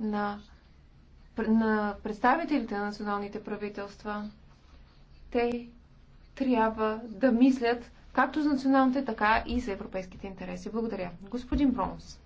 на, на представителите на националните правителства. Те трябва да мислят както за националните, така и за европейските интереси. Благодаря. Господин Бронс.